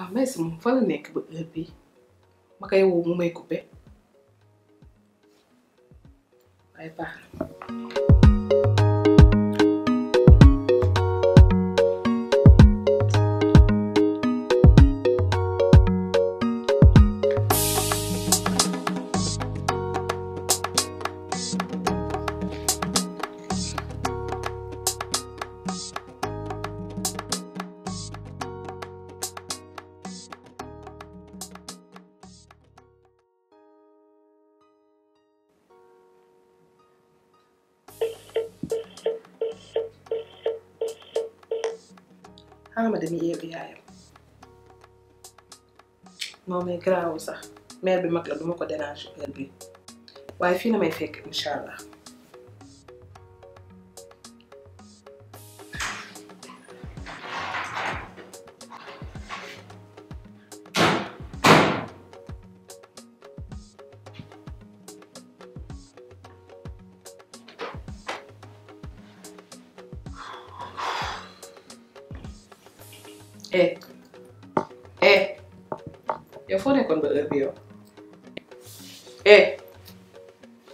waaw ah, Maïssa moom nekk ba heure bi ma koy woo mu may coupé waaye xaaral ma dem yeewu yaayam non mais garaawul sax mère bi mag la duma ko déranger heure waaye fii la may fekk incha allah. eh eh yow foo nekkoon ba heure bi yow eh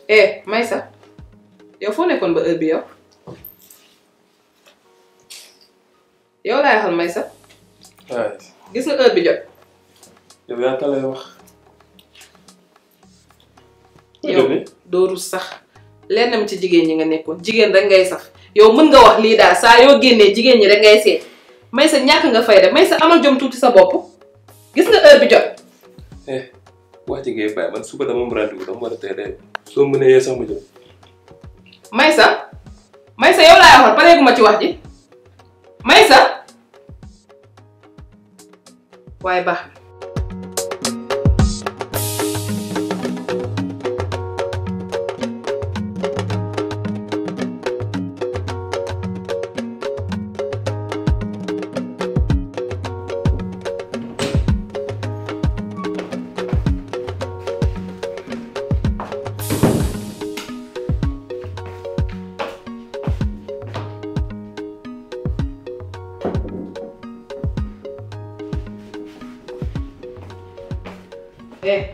eh Maysa yow foo nekkoon ba heure bi yow yow laay waxal Maysa gis nga heure jot yow yaa talay wax yow dooru sax lennam ci jigéen ñi nga nekkoon jigéen rek ngay sax yow mën nga wax lii daal saa yoo génnee jigéen ñi rek ngay seet may sa ñàkk nga fay rek may sa amal jom tuuti sa bopp gis nga heure bi jot. eh wax ci ngay bàyyi man suba dama am rendez-vous dama war a tey soo mënee yee sax ma jëm. may sa may sa yow laay waxal pareegu ma ci wax ji may waaye baax eh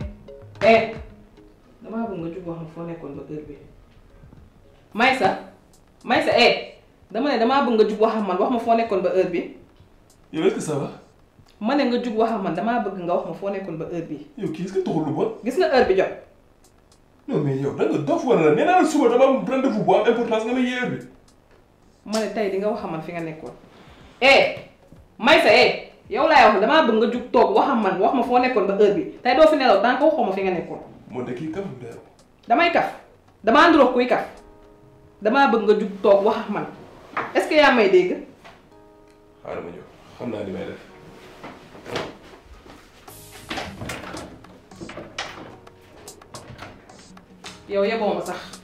eh damaa bëgg nga jug wax ma foo nekkoon ba kër bi Maysa Maysa eh dama ne damaa bëgg nga jug wax man wax ma foo nekkoon ba heure bi ne nga jug wax man damaa bëgg nga foo nekkoon ba heure bi yow kii est-ce que lu bon. gis nga heure bi jot. non mais yow da nga dof wala nee naa la suba dama am rendez-vous am importance nga may yee heure bi. ma ne tey di nga wax man fi nga nekkoon eh Maysa eh. yow laay wax damaa bëgg nga jug toog wax man wax ma foo nekkoon ba heure bi tey doo fi nelaw tant que waxoo ma fi nga nekkoon. moo de kii kaf damay kaf damaa nduroog kuy kaf damaa bëgg nga jug toog wax man est yaa may dégg. xaaral ma ñëw xam naa li may def. yow yeboo ma sax.